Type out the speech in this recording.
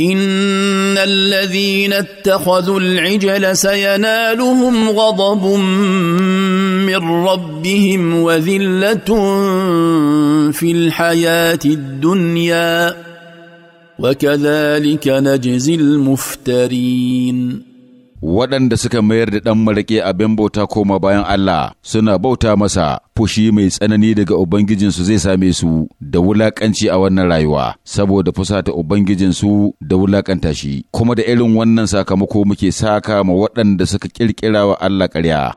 ان الذين اتخذوا العجل سينالهم غضب من ربهم وذله في الحياه الدنيا وكذلك نجزي المفترين waɗanda suka mayar da ɗan maraƙi abin bauta koma bayan Allah suna bauta masa fushi mai tsanani daga Ubangijinsu zai same su da wulaƙanci a wannan rayuwa saboda fusata Ubangijinsu da wulaƙanta shi kuma da irin wannan sakamako muke saka ma waɗanda suka ƙirƙira wa Allah ƙarya.